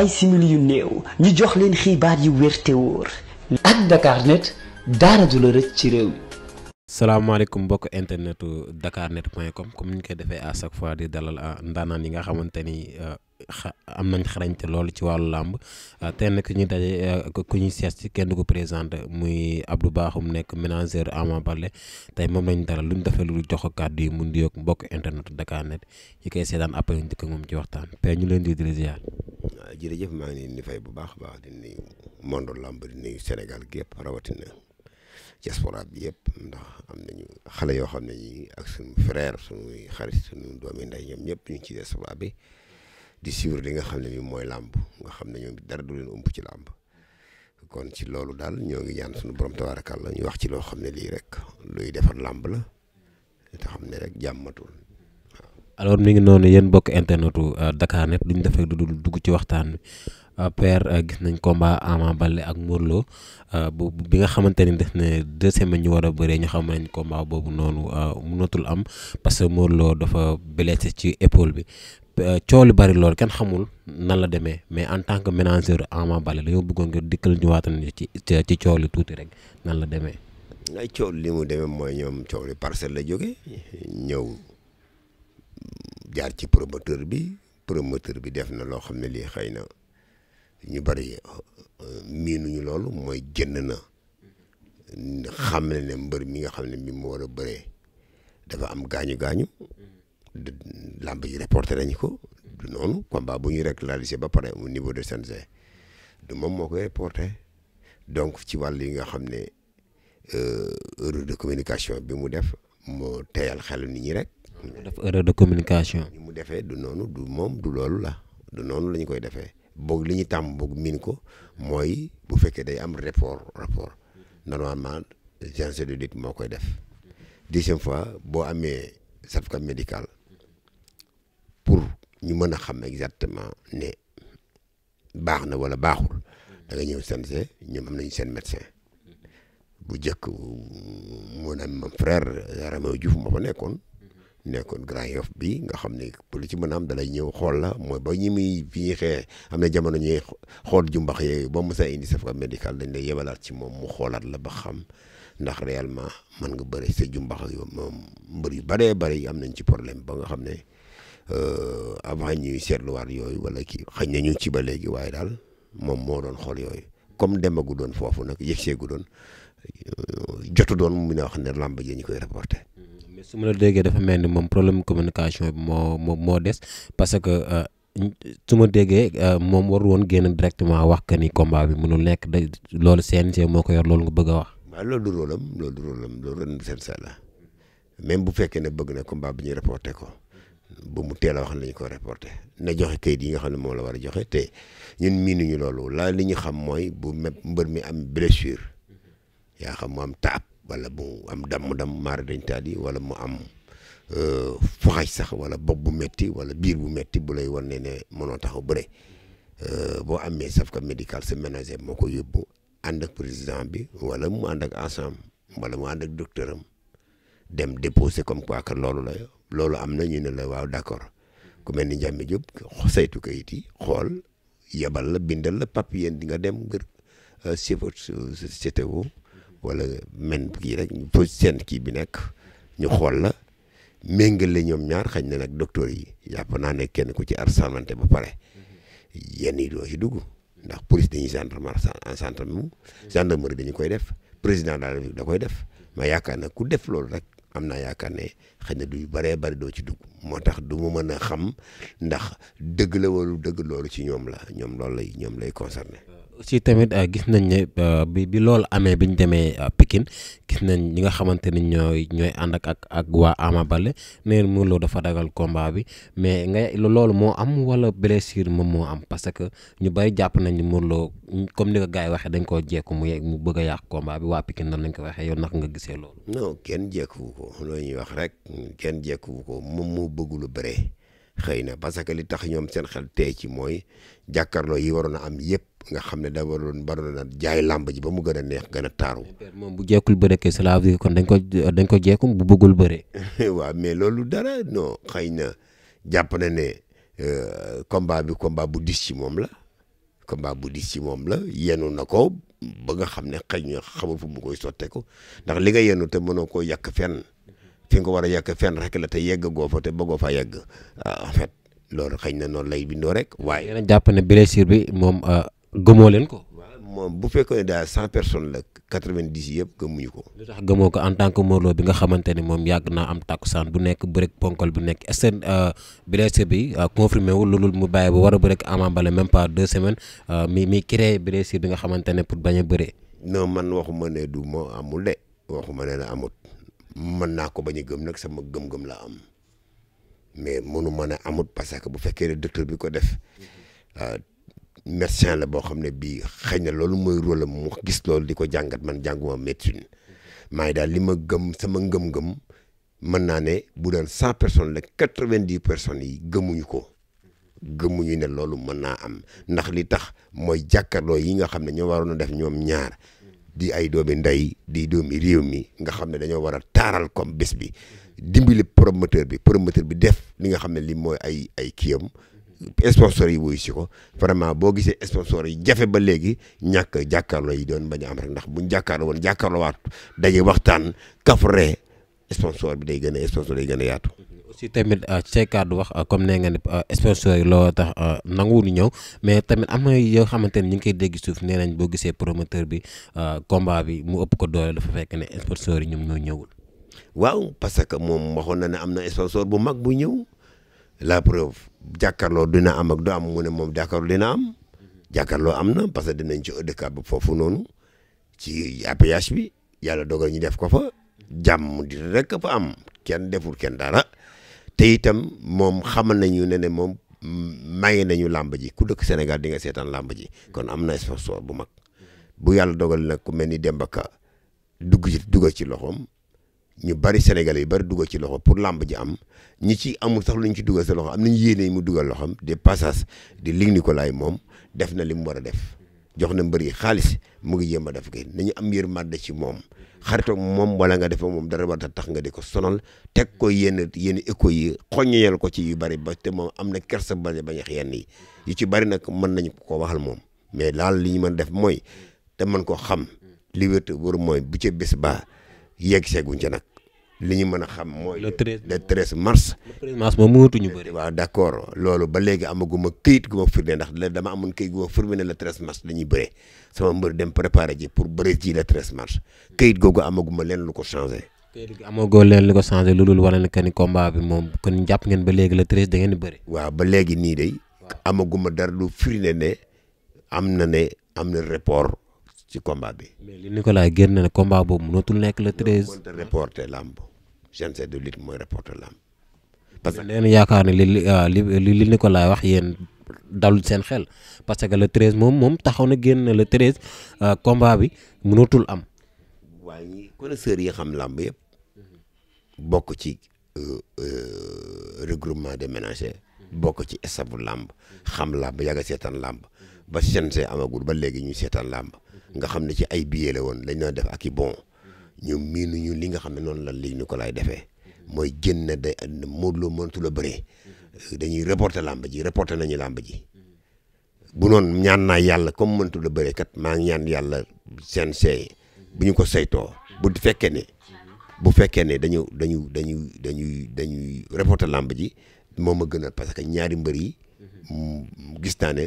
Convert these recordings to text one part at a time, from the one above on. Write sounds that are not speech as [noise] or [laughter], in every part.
ay simili yu néew ñu jox leen xibaar yu wér te wóor ak Dakarnet daara du la rëcc ci réew mi. salaamaaleykum mbokk internetu dakarnet.com comme ni ñu koy defee à chaque fois di dalal ah, ndaanaan yi nga xamante ni. Euh, am nañ xarañ te loolu ci wàllu làmb ah, tey nag ñu daje eh, ku ñu seet si kenn du ko présenté muy Abdou Bakhoum nekk manager Ama bale tey moom lañ dara luñ defee lu jox ko kàddu yi mun di yokk mbokk internet Dakar Net yi koy seetaan appel ñu dëkk moom ci waxtaan tey ñu leen di di ziar. Ah, jërëjëf maa ngi leen di fay bu baax a baax di nuyu monde làmb di nuyu Sénégal gi yëpp rawatina. diaspora bi yëpp ndax am nañu xale yoo xam ne ñi ak suñu frère suñuy xarit suñu doomi nday ñoom ñëpp ñu ci diaspora bi di suivre li nga xam ne nii mooy làmb nga xam ne ñoo ñoom dara du leen ëmp ci làmb kon ci loolu daal ñoo ngi ñaan suñu borom la ñu wax ci loo xam ne lii rek luy defar làmb la te xam ne rek jàmmatul alors mi ngi noonu yéen bokk internetu euh, Dakarnet duñ def rek du dugg ci waxtaan bi Euh, père euh, gis nañ combat Ama bale ak Modou Lô euh, bu bi nga xamante ni def na deux semaines ñu war a bëree ñu xam nañ combat boobu noonu mënatul am parce que Modou Lô dafa blessé ci épaule bi coow li bari loolu kenn xamul nan la demee mais en tant que manager Ama Baldé dañoo bëggoon ngir dikkal ñu waatan ci ci coow li tuuti rek nan la demee. ay coow li mu demee mooy ñoom coow li parcelle la jóge ñëw jaar ci promoteur bi promoteur bi def na loo xam ne lii xëy na. ñu bëri euh, miinuñu loolu mooy jënd na xam ne ne mbër mi nga xam ne mi mu war bëree dafa am gaañu gaañu làmb ji reporté nañu ko du noonu combat bu ñu rek régularisé ba pare au niveau de CNG du moom moo koy reporté donc ci wàll yi nga xam ne euh, erreur de communication bi mu def moo teyal xelu nit ñi rek. def erreur de communication. mu defee du noonu du moom du loolu la du noonu la ñu koy defee. boog li ñu tàmm boog miin ko mooy bu fekkee day am rapport rapport normalement séance de lutte moo koy def deuxième fois boo amee certificat médical pour ñu mën a xam exactement ne baax na wala baaxul da nga ñëw sanse ñoom am nañu seen médecin bu njëkk mu naan ma frère Ramé Diouf moo fa nekkoon nekkoon Grand Yoff bi nga xam ne lu ci mën a am dalay ñëw xool la mooy ba ñi muy fi ñuy xee am na jamono ñuy xool jumbax yooyu ba mu sa indi certificat médical dañ lay yebalaat ci moom mu xoolaat la ba xam ndax réellement mën nga bëri sa jumbax yo moom mbër yu bëree bëri am nañ ci problème ba nga xam ne euh, avant ñuy seetluwaat yooyu wala kii xëy na ñu ci ba léegi waaye daal moom moo doon xool yooyu comme demagu doon foofu nag yëg seegu doon euh, jotu doon mu ne wax ne làmb ji ñu koy reporté su ma la déggee dafa mel ni moom problème communication bi moo moo moo des parce que euh, su ma déggee euh, moom warul woon génn directement wax que ni combat bi mënul nekk da loolu CNG moo ko yor loolu nga bëgg wax. waaw du rôlam loolu du rôlam loolu du seen sala même bu fekkee ne bëgg na combat bi ñu reporté ko bu mu teel a wax lañ ko reporté na joxe kayit yi nga xam ne moom la war a joxe te ñun miinuñu loolu la li ñu xam mooy bu mbër mi am blessure yaa xam mu am taab. wala mu am damm-damm maari dañ taal yi wala mu am euh, faxaj sax wala bopp bu metti wala biir bu metti bu lay wan ne ne mënoo taxaw bëre euh, boo amee safka médical sa ménager moo ko yóbbu ànd ak président bi wala mu ànd ak ensemble wala mu ànd ak docteur am dem déposé comme quoi que loolu la loolu am na ñu ne la waaw d'accord ku mel ni Ndiame Diop saytu kayit yi xool yebal la bindal la papier di nga dem ngir euh, CFO CTO wala men kii rek pos seen kii bi nekk ñu xool la ñoom ñaar xañ na nag docteur yi yàpp naa ne kenn ku ci arsanante ba pare yenn yi doo ci dugg ndax police dañuy gendarmerie en gendarmerie gendarmerie dañu koy def président daal da koy def ma yaakaar na ku def loolu rek am naa yaakaar ne xëy na du bëree bëri doo ci dugg moo tax du mu mën a xam ndax dëgg la wala dëgg loolu ci ñoom la ñoom loolu lay ñoom lay concerné. aussi tamit euh, gis nañ ne euh, bi bi loolu amee bi ñu demee euh, Pikine gis nañ ñi nga xamante ni ñooy ñooy ànd ak ak waa Ama Baldé nee na Modou Lo dafa dagal combat bi mais nga loolu moo am wala blessure moom moo am parce que ñu bari jàpp nañ Modou Lo comme ni ko gars yi waxee dañ koo jekku mu mu bëgg a yàq combat bi waa pikin nan lañ ko waxee yow nag nga gisee loolu. non kenn jekkuwu ko loolu ñuy wax rek kenn jekkuwu ko moom moo bëgg lu bëree. xëy na parce que li tax ñoom seen xel tey ci mooy jàkkaarloo yi waroon a am yëpp nga xam ne da waroon waroon a jaay làmb ji ba mu gën a neex gën a taaru. moom bu jekkul bare kay cela veut dire dañ ko dañ ko jekkum bu bëggul bëre. [laughs] waaw mais loolu dara non xëy na jàpp ne euh, combat bi combat bu dis ci moom la combat bu dis ci la yenu na ko ba nga xam ne xëy na xamul fu mu koy sotte ko ndax li nga yenu te mënoo ko yàq fenn. fi nga war a yegg fenn rek la te yegg goo fa te bëggoo fa yegg ah, en fait loolu xëy na noonu lay bindoo rek. waaye yéen a jàpp ne blessure bi moom euh, gëmoo leen ko. waaw moom bu fekkee ne daal cent personnes la quatre-vingt-dix yëpp gëmuñu ko. lu tax gëmoo ko en tant que Modou bi nga xamante ne moom yàgg naa am saan bu nekk rek ponkol bu nekk est-ce que euh, blessure bi euh, confirmé wul loolu mu bàyyee ba war a bëreeg Ama Baldé même pas deux semaines mi mi créé blessure bi nga xamante ne pour bañ a bëree. non man waxuma ne du moo amul de waxuma ne la amut. mën naa ko ba a gëm nag sama gëm-gëm la am mais mënu mën a amut parce que bu fekkee ne docteur bi ko def euh, médecin la boo xam ne bii xëy na loolu mooy rôle mu gis loolu di ko jàngat man jànguma médecine maa ngi daal li ma gëm sama ngëm-ngëm mën naa ne bu doon cent personnes la quatre-vingt-dix personnes yi gëmuñu ko gëmuñu ne loolu mën naa am ndax li tax mooy jàkkaarloo yi nga xam ne ñoo waru a def ñoom ñaar di ay doomi nday di doomi réew mi nga xam ne dañoo war a taaral comme bés bi dimbali promoteur bi promoteur bi def li nga xam ne li mooy ay ay kiyam sponsor yi wuyu si ko vraiment boo gisee sponsor yi jafe ba léegi ñàkk jàkkaarloo yi doon bañ a am rek ndax buñ jàkkaarloo woon jàkkaarloo waat daje waxtaan kafre sponsor bi day gën a sponsor day gën a yaatu ci tamit euh, ci kàddu wax euh, comme nee nga ne euh, sponsor yi loo tax nanguwuñu ñëw mais tamit am na yoo xamante ne ñu ngi koy dégg suuf nee nañ boo gisee promoteur bi combat bi mu ëpp ko doole dafa fekk ne sponsor yi ñoom ñoo ñëwul. waaw parce que moom waxoon na ne am na sponsor bu mag bu ñëw la preuve jakkaloo dina am ak du am mu ne moom jàkkaarloo dina am. jàkkaarloo am na parce que dinañ ci ëddëkaat foofu noonu ci APH bi yàlla dogal ñu def ko fa. jàmm di rek fa am kenn deful kenn dara te itam moom xamal nañu ne ne moom maye nañu làmb ji ku dëkk Sénégal di nga seetaan làmb ji kon am na sponsor bu mag bu yàlla dogal na ku mel ni Demba Ka dugg ci dugg ci loxoom ñu bari Sénégalais yi bari dugg ci loxo pour làmb ji am ñi ci amul sax lu ci dugal sa loxo am nañu yéene mu dugal loxoom de passage di Luc Nicolaï moom def na li mu war a def jox na mbër yi xaalis mu ngi jéem a def kay nañu am yërmande ci moom xaritoog moom wala nga defe moom dara ba tax nga di ko sonal teg ko yenn yenn écho yi xoññeel ko ci yu bari ba te moom am na kersa bañ a ba a yenn yi ci bari nag mën nañ ko waxal moom mais laal li ñu mën def mooy te mën ko xam li wér te wóor mooy bu ca bés ba yegg seeguñ ca nag li ñu mën a xam mooy. le treize le treize mars. le treize mars moom bëri. waaw d' loolu ba léegi amaguma këyit gu ma firnde ndax dama amoon këyit gu ma firnde ne le treize mars dañuy bëree sama mbër dem préparé ji pour bëri ji le treize mars këyit googu amaguma leen lu ko changé. këyit gi amagoo leen lu ko changé lu dul wane na que ni combat bi moom kon jàpp ngeen ba léegi le treize da ngeen di bëri. waaw ba léegi nii de. amaguma dar lu firnde ne am na ne am na report. ci combat bi. mais li Nicolas génn na combat boobu mënatul nekk le treize. mënut a reporter GNC de lutte mooy reporter lamb parce que leen yaakaar ne li li ko ah, Nicolas wax yéen dalul seen xel parce que le 13 moom moom taxaw na génn le 13 ah, combat bi mënatul am. waaye ñi connaisseurs yi xam lamb yëpp bokk ci euh, euh, regroupement des ménagers bokk ci estabu làmb xam làmb yàgg seetaan làmb ba CNG amagul ba léegi ñu seetaan làmb nga xam ne ci ay billets la woon lañ doon def ak i bon. ñu miinuñu li nga xam ne noonu la ko lay defee mooy génn day Modou Lo mënatu la bëree dañuy reporter làmb ji reporter nañu làmb ji bu noonu ñaan na yàlla comme mënatu la bëree kat maa ñaan yàlla seen bu ñu ko saytoo bu fekkee ne bu fekkee ne dañu dañu dañu dañuy dañuy reporter làmb ji moom a gënal parce que ñaari mbër yi mhm. gis naa ne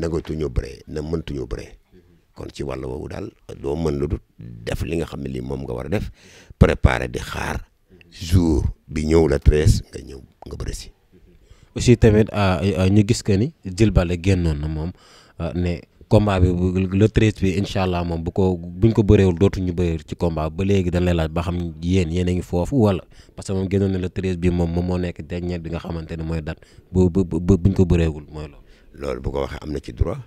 nagatuñoo bëree na mëntuñoo bëree. kon ci wàll woowu daal doo mën lu dut def li nga xam ne lii moom nga war a def préparer di xaar jour bi ñëw la treize nga ñëw nga bëri si. aussi tamit euh, euh, ñu gis que ni Jules Baldé génnoon na moom euh, ne combat bi le treize bi incha allah moom bu ko buñ ko bëreewul dootuñu bëreewul ci combat ba léegi dañ lay laaj ba xam yéen yéen a ngi foofu wala parce que moom génnoon na la treize bi moom moom moo nekk dernier bi nga xamante ne mooy date bu bu buñ ko bëreewul mooy loolu. loolu ko waxee am na ci droit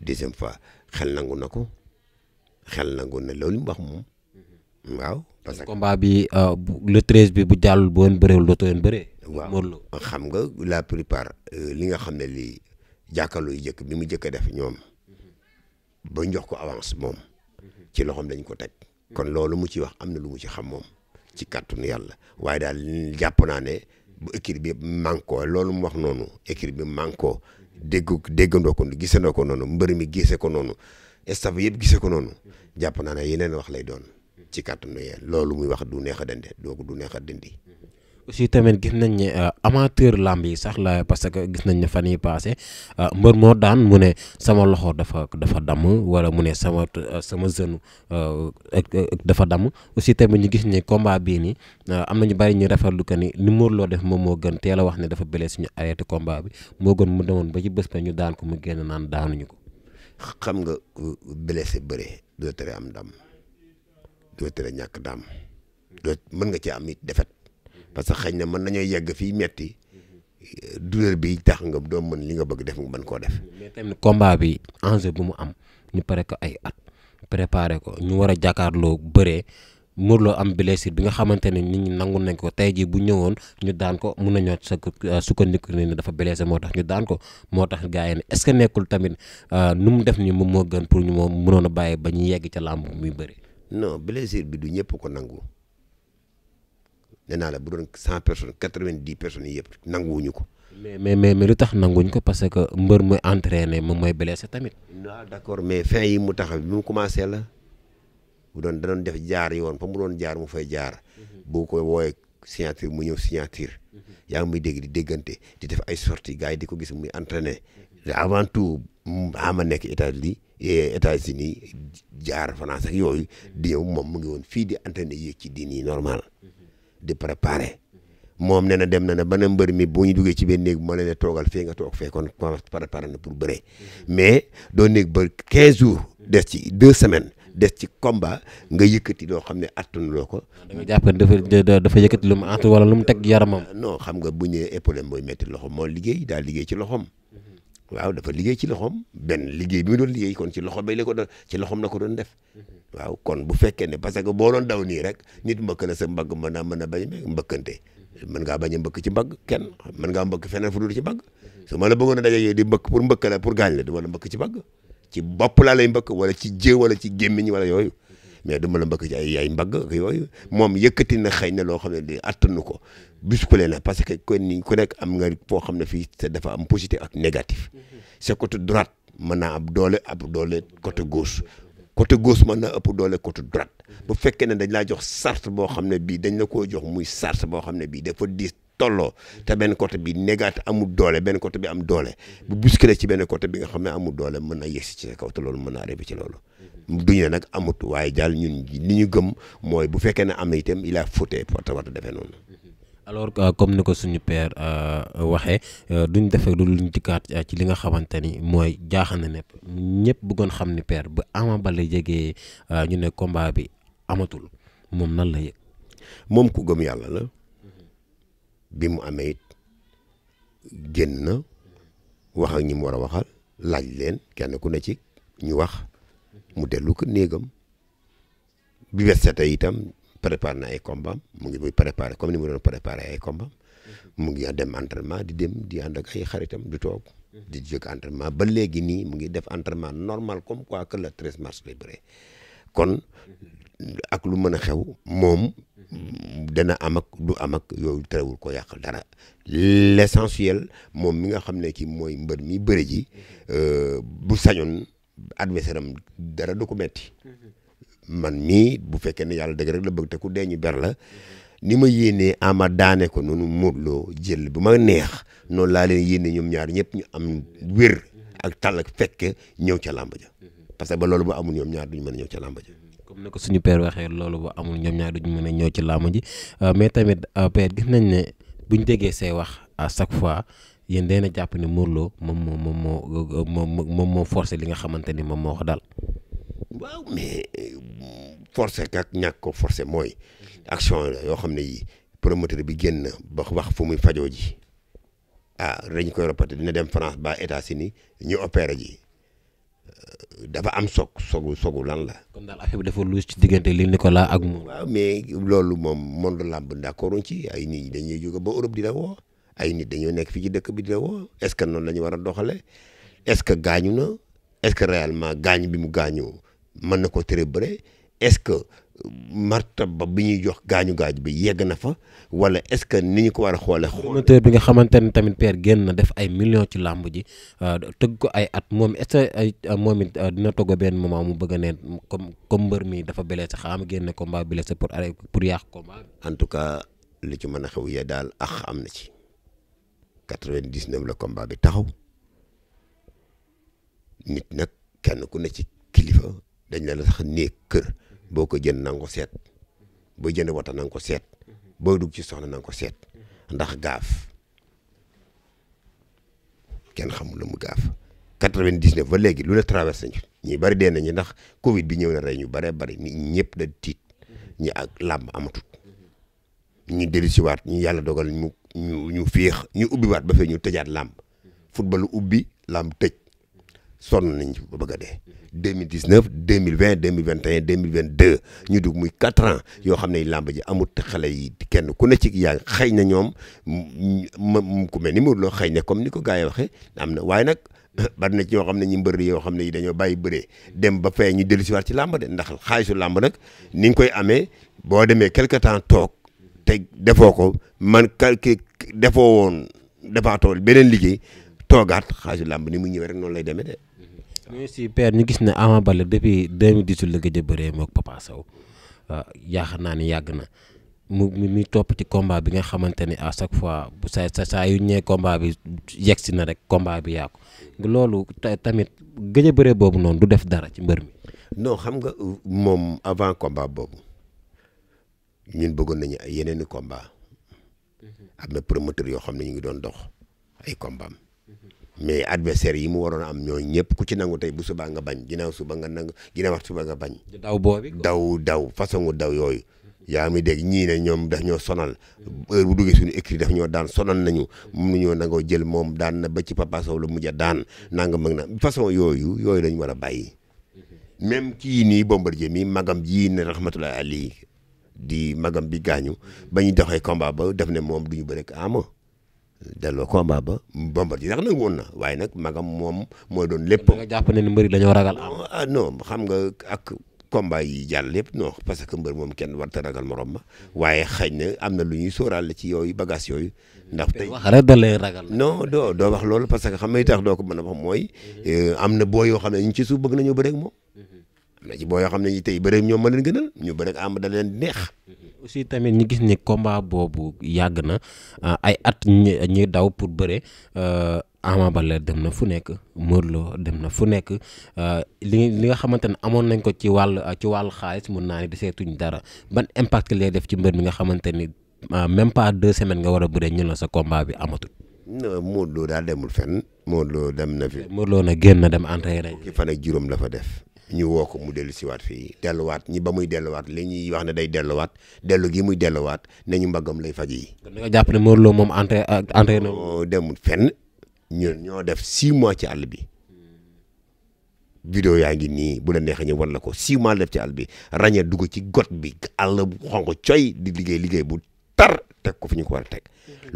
deuxième fois. xel nangu na ko xel nangu na loolu mu moom mhm. waaw. parce que combat bi euh, le treize bi bu jàll bu woon bëreewul dootoo woon bëree. waaw xam nga la plupart euh, li nga xam ne lii jàkkaarloo yu njëkk bi mu njëkk a def ñoom mhm. ba jox ko avance moom mhm. ci loxoom dañ ko teg. kon loolu mu ci wax am na lu mu ci xam moom ci kàttanu yàlla waaye daal jàpp naa ne bu équipe bi manko loolu mu wax noonu équipe bi manko dégg déggandoo ko gisandoo ko noonu mbër mi gisee ko noonu staff yëpp gisee ko noonu jàpp naa ne yeneen wax lay doon ci kàttanu yee loolu muy wax du neex a doo ko du neex a dindi aussi tamit gis nañ ne euh, amateur làmb yi sax la parce que gis nañ ne fan yi passé euh, mbër moo daan mu ne sama loxo dafa dafa damm wala mu ne sama euh, sama jeune dafa damm aussi tamit ñu gis ni combat bii nii am nañu bari ñu rafetlu que ni ni Modou Lo def moom moo gën teel a wax ne dafa bële suñu arrêté komba bi moo gën mu demoon ba ci bés ba ñu daan ko mu génn naan daanuñu ko. xam nga blessé bëre doo tere am damm doo tere ñàkk ndam doo mën nga ci am it defet parce que xëy na mën nañoo yegg fii metti douleur bi tax nga doo mën li nga bëgg def nga mën koo def. mais tamit combat bi enjeu bu mu am ñu pare ko ay at ko ñu war a jàkkaarloo bëree Modou Lo am blessure bi nga xamante ne nit ñi nangu nañ ko tey jii bu ñëwoon ñu daan ko mun nañoo euh, sukkandiku ne dafa blessé moo tax ñu daan ko moo tax gars yi ne est-ce que nekkul tamit euh, nu mu def nii moom moo gën pour ñu moom mënoon a bàyyi ba ñu yegg ca làmb muy bëri. non blessure bi du ñëpp ko nangu. nee naa la bu doon cent personnes quatre-vingt-dix personnes yi ko. mais mais mais mais lu tax nanguñ ko parce que mbër muy entraîné moom mooy blessé tamit. waaw d' accord mais fin yi mu tax bi mu commencé la bu doon da def jaar yoon fa mu doon jaar mu fay jaar. Mhm. boo ko woowee signature mu ñëw signature. Mhm. yaa ngi muy dégg di déggante di def ay sorties gars yi di ko gis muy entraîné. avant tout ama nekk États-Unis eh, États-Unis jaar France ak yooyu. Mhm. di ñëw moom mu ngi woon fii di entraîné yi ci diin yi normal. di préparer moom nee na dem na ne ba na mbër mi bu ñu duggee ci benn néeg bu ma leen toogal fii nga toog fee kon préparer na pour bëree mais doo néeg ba 15 jours des ci 2 semaines. des ci combat nga yëkkati doo xam ne attanuloo ko. Ah, da nga jàpp dafa dafa yëkkati lu mu àtt wala lu mu teg yaramam. non xam nga bu ñëwee épaule mooy métti loxo moo liggéey daal liggéey ci loxoom. waaw dafa liggéey ci loxoom benn liggéey bi mu liggéey kon ci loxo bay la ko doon ci loxoom na ko doon def mhm. waaw kon bu fekkee ne parce que boo doon daw nii rek nit mbëkk la sa mbagg mën naa mën a bañ mbëkkante mhm. mën ngaa bañ a ci mbagg kenn mën ngaa mbëkk feneen fu dul ci mbagg mhm. su la bëggoon a dajee di mbëkk pour mbëkk la pour gaañ la du ma la ci mbagg ci bopp laa lay wala ci jë wala ci gémmiñ wala yooyu mais dama la mbëkk ci ay mbagg yooyu moom yëkkati na xëy na loo xam ne di attanu ko biskulee na parce que kon ni ku nekk am nga foo xam ne fii te dafa am positif ak négatif mhm. c'est côté droite mën naa am doole ab doole côté gauche côté gauche mën na ëpp doole côté droite bu fekke ne dañ laa jox sart boo xam ne bii dañ la koo jox muy sart boo xam ne bii dafa diis tolloo te benn côté bi négaat amul doole benn côté bi am doole bu bousculé ci benn côté bi nga xam ne amul doole mën na yegsi ci sa loolu mën naa arrivé ci loolu nag amut waaye daal li ñu gëm mooy bu fekkee ne am itam il a fauté porte warta noonu alors que euh, comme ni ko suñu père euh, waxee euh, duñ defee lu luñ dikkaat ci li nga xamante ni mooy jaaxal na nepp ñëpp bëggoon xam ni père bu Ama Baldé jegee ñu ne combat bi amatul moom nan la yëg moom ku gëm yàlla la bi mu amee it génn na wax ak mu war a waxal laaj leen kenn ku ne ci ñu wax mu dellu ko néegam bi wet sete itam préparé na ay combat mu ngi muy préparé comme ni mu doon préparé ay combat mu ngi a dem entraînement di dem di ànd ak ay xaritam du toog di jóg entraînement ba léegi nii mu ngi def entraînement normal comme quoi que le 13 mars lay kon ak lu mën a xew moom dana am ak du am ak ko yàq dara l'essentiel moom mi nga xam ne ki mooy mbër mi bëre ji euh, bu sañoon adversaire am dara du ko metti man mii bu fekkee ne yàlla dëgg la bëgg te ku dee ñu ber la ni ma yéenee ama daane ko noonu Modou Lo jël bu ma neex noonu laa leen yéene ñoom ñaar ñëpp ñu am wér ak tàll ak fekke ñëw ca ja parce que ba loolu bu amul ñoom ñaar duñ mën a ñëw ca làmb ji. comme ni ko suñu père waxee loolu bu amul ñoom ñaar duñ mën a ñëw ci làmb ji euh, mais tamit euh, père gis nañ ne buñ déggee say wax à chaque fois. yéen deen a jàpp ne Modou Lo moom moo euh, moom moo moom moo forcé li nga xamante ni moom moo ko dal waaw mais forcé ak ñàkk ko forcé mooy action la yoo xam ne yi promoteur bi génn ba wax fu muy fajoo ji ah dañ koy répété dina dem France ba États-Unis ñu opéré ji dafa am sog sogu sogu lan la. kon daal affaire bi dafa luus ci diggante li Nicolas ak moom. waaw mais loolu moom monde làmb d'accord ci ay nit ñi dañuy jóge ba Europe di la woo ay nit dañoo nekk fii ci dëkk bi di la woo est-ce que noonu la ñu war a doxalee est-ce que gaañu na est-ce bi mu gaañoo mën na ko tere bëre est-ce que. martab ba bi ñuy jox gaañu gaaj bi yegg na fa wala est-ce que ni ñu ko war a xoolee. promoteur bi nga xamante ne tamit père génn na def ay millions ci làmb ji euh, tëgg ko ay at moom est ay euh, moom it euh, dina togg benn moment mu bëgg a comme comme mbër mi dafa blessé xaam génne combat blessé pour arrêt pour yàq combat. en tout cas li ci mën a xew ya daal ax am na ci. 99 la combat bi taxaw nit nag kenn ku ne ci kilifa dañ la la sax kër. boo ko jënd na seet boo jënd wata na ko seet boo dugg ci soxna na ko seet ndax gaaf kenn xamul lu mu gaaf quatre-vingt-dix-neuf ba léegi lu la traversé nañu ñi bari dee nañu ndax Covid bi ñëw na rey ñu baree bari ni ñëpp da tiit ñi ak làmb amatut ñu dellusiwaat ñu yàlla dogal ñu ñu ñu féex ñu ubbiwaat ba fee ñu tëjaat làmb football ubbi làmb tëj. sonn nañ ba bëgg a dee. 2019 2020 2021 2022 ñu dugg muy 4 ans yoo xam ne làmb ji amut xale yi kenn ku ne ci yaa xëy na ñoom mu ku mel ni mu loo xëy na comme ni ko gars yi waxee am na waaye nag. [clears throat] bari na ci ñoo xam ne ñu mbër yoo xam ne yi dañoo bàyyi bëree dem ba fee ñu dellusiwaat ci làmb de ndax xaalisu làmb nag ni nga koy amee boo demee quelque temps toog te defoo ko man quelque defoo woon defaatoo beneen liggéey toogaat xaalisu làmb ni mu ñëwee rek noonu lay demee de. mais si ñu gis ne Ama Baldé depuis 2018 la gëj a bëree moog Papa Sow naa ni yàgg na mu mu topp ci komba bi nga xamante ni à chaque fois bu saa sa saa yu ñëwee combat bi yegsi na rek combat bi yàqu loolu tamit gëj a bëree boobu noonu du def dara ci mbër mi. non xam nga euh, moom avant combat boobu ñun bëggoon nañu ay yeneen i combat mhm. am na promoteur yoo xam ne ñu ngi doon dox ay combat mais adversaire yi mu waroon am ñoo ñëpp ku ci nangu tey bu subaa nga bañ ginnaaw suba nga nangu ginnaaw wax suba nga bañ. daw boobi daw daw façon daw yooyu. yaa ngi ñii ne ñoom daf ñoo sonal heure bu duggee suñu écrit daf ñoo daan sonal nañu mun ñoo nangoo jël moom daan na ba ci Papa Sow la mujj a daan nanga mag na façon yooyu yooyu lañ war a bàyyi. même kii nii Bombardier mi magam ji ne rahmatullahi ali di magam bi gaañu ba ñu doxee combat ba def ne moom du ñu bëri ak Ama delloo combat ba Bombardier ndax nag woon na waaye nag moom mooy doon lépp. nga jàpp ne mbëri dañoo ragal ah non xam nga ak combat yi jàll yëpp non parce que mbër moom kenn warta ragal morom ma waaye xëy na am na lu ñuy sóoraale ci yooyu bagage yooyu. ndax tey wax rek da lay ragal. non doo doo wax loolu parce que xam nga tax doo ko mën na wax mooy. Mm-hmm. Euh, am na boo yoo xam ne ñu ci suuf bëgg nañoo bëreeg moom. am boo yoo xam ne tey bëreem ñoom ma leen gënal ñu bëreeg am da leen neex. aussi tamit ñu gis ni combat boobu yàgg na euh, ay at ñuy daw pour bëre. Euh, Ama Baldé dem na fu nekk Modou Lô dem na fu nekk euh, li li nga xamante ne amoon nañ ko ci wàll ci wàllu xaalis mun naa ne deseetuñ dara ban impact lay def ci mbër mi nga xamante ni même pas deux semaines nga war a bëree ñu la sa combat bi amatul. non Modou Lô demul fen Modou Lô dem na fi. Modou Lô nag génn dem entraîné. fukki fan ak juróom la def. ñu woo ko mu dellu siwaat fii delluwaat ñi ba muy delluwaat li ñuy wax ne day delluwaat dellu gi muy delluwaat nañu mbagam lay faj yi. kon da jàpp ne Mor Lo moom entrain euh, entraîné demul fenn ñun ñoo def six mois ci àll bi. vidéo yaa ngi nii bu la neexee ñu war la ko six la def ci àll bi ràññee dugg ci got bi àll bu xonq coy di liggéey liggéey bu tar teg ko fi ñu ko war a teg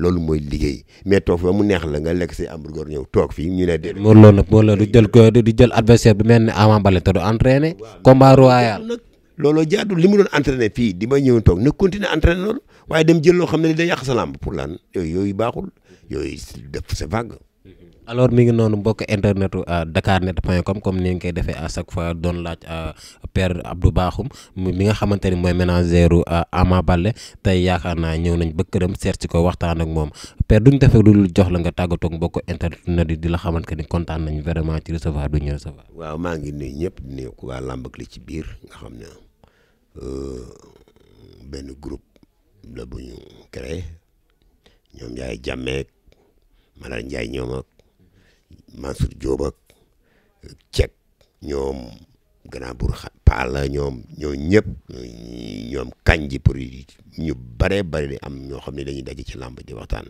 loolu mooy liggéey mais toog fa mu neex la nga lekk say hamburger ñëw toog fii ñu ne déedéet. Modou Lo nag Modou jël adversaire bi mel ni Ama Baldé te du entraîné. combat royal looloo jaadu li mu doon entraîné fii di ma ñëw toog na continuer entraîné loolu waaye dem jël loo xam ne day yàq sa làmb pour lan yooyu baaxul yooyu def sa vague. alors mi ngi noonu mbokk internet internetu euh, dakarnet.com comme ni nga koy defee a chaque fois doon laaj euh, père Abdou Bakhoum mi nga xamante ni mooy ménagèru euh, Ama bale tey yaakaar naa ñëw nañ ba këram seet si ko waxtaan ak moom père duñ defee lu jox la nga tàggatoo ak mbokk internet yi di la xamante ni kontaan nañ vraiment ci recevoir du ñëw recevoir. waaw maa ngi nuyu ñëpp di nuyu waa làmb ak li ci biir nga xam ne benn groupe la bu ñu créé ñoom yaay jàmmeek Malal Ndiaye ñoom Mansour Diop ak Cech ñoom grand bour Palla ñoom ñoo ñëpp ñoom kanji pour ñu bare bari di am ñoo xam ne dañuy daje ci lamba ji waxtaan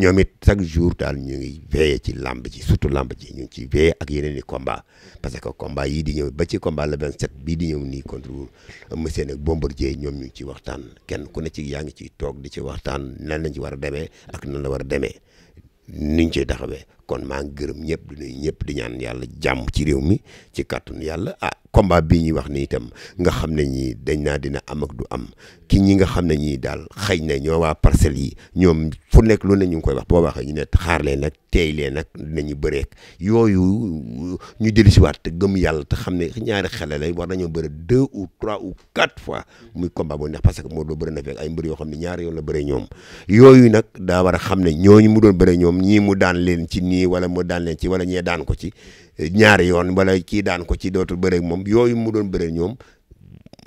ñoom it chaque jour daal ñu ngi veillé ci làmb ci surtout lamba ji ñu ngi ciy veillé ak yeneen i combat parce que combat yii di ñëw ba ci combat le 27 bii di ñëw ni contre monsieur nag Bombardier ñoom ñu ngi ciy waxtaan kenn ku ne ci yaa ngi ciy toog di ci waxtaan nan lañ ci war a demee ak nan la war a demee niñ ciy taxawee kon maa ngi gërëm ñëpp di nuyu ñëpp di ñaan yàlla jàmm ci réew mi ci kàttanu yàlla ah combat bii ñuy wax ni itam nga xam ne ñii dañ naa dina am ak du am ki ñi nga xam ne ñii daal xëy na ñoo waa parcelles yi ñoom fu nekk loon na ñu ngi koy wax boo waxee ñu ne xaar leen nag teey leen nag dinañu bëreek yooyu ñu dellusiwaat te gëm yàlla xam ne ñaari xale lay war nañoo bëre deux ou trois ou quatre fois muy combat bu neex parce na fekk ay mbër yoo xam ne ñaari yoon la ñoom yooyu nag daa war ne ñooñu mu doon bëre ñoom ñii mu daan leen ci nii wala mu daan leen ci wala ñee daan ko ci ñaari yoon wala kii daan ko ci dootul bëreeg moom yooyu mu doon bëree ñoom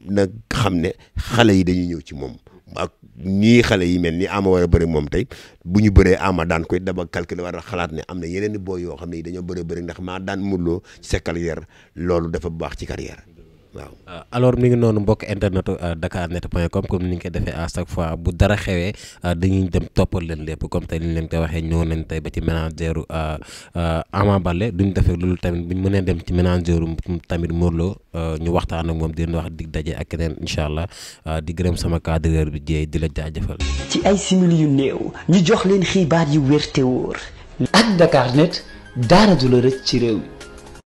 nag xam ne xale yi dañuy ñëw ci moom ak nii xale yi mel ni ama war a bëri moom tey bu ñu bëree ama daan koy daba calculer war a xalaat ne am na yeneen i booy yoo xam ne dañoo bëri bëri ndax maa daan mënuloo ci sa carrière loolu dafa baax ci carrière waaw euh, alors mi ngi noonu mbokk internet euh, dakarnet.com comme ni ñu ko defee à chaque fois bu dara xewee euh, ñu dem toppal leen lépp comme tey li ñu leen ko waxee ñëw nañ tey ba ci ménagèru Ama Baldé duñ defee loolu tamit buñ mënee dem ci ménagèru tamit Modou Lo ñu waxtaan ak moom di leen wax dig daje ak keneen incha allah di gërëm sama cadreur bi Dieye di la jaajëfal. ci ay simili yu néew ñu jox leen xibaar yu wér te wóor. ak Dakarnet dara du la rëcc ci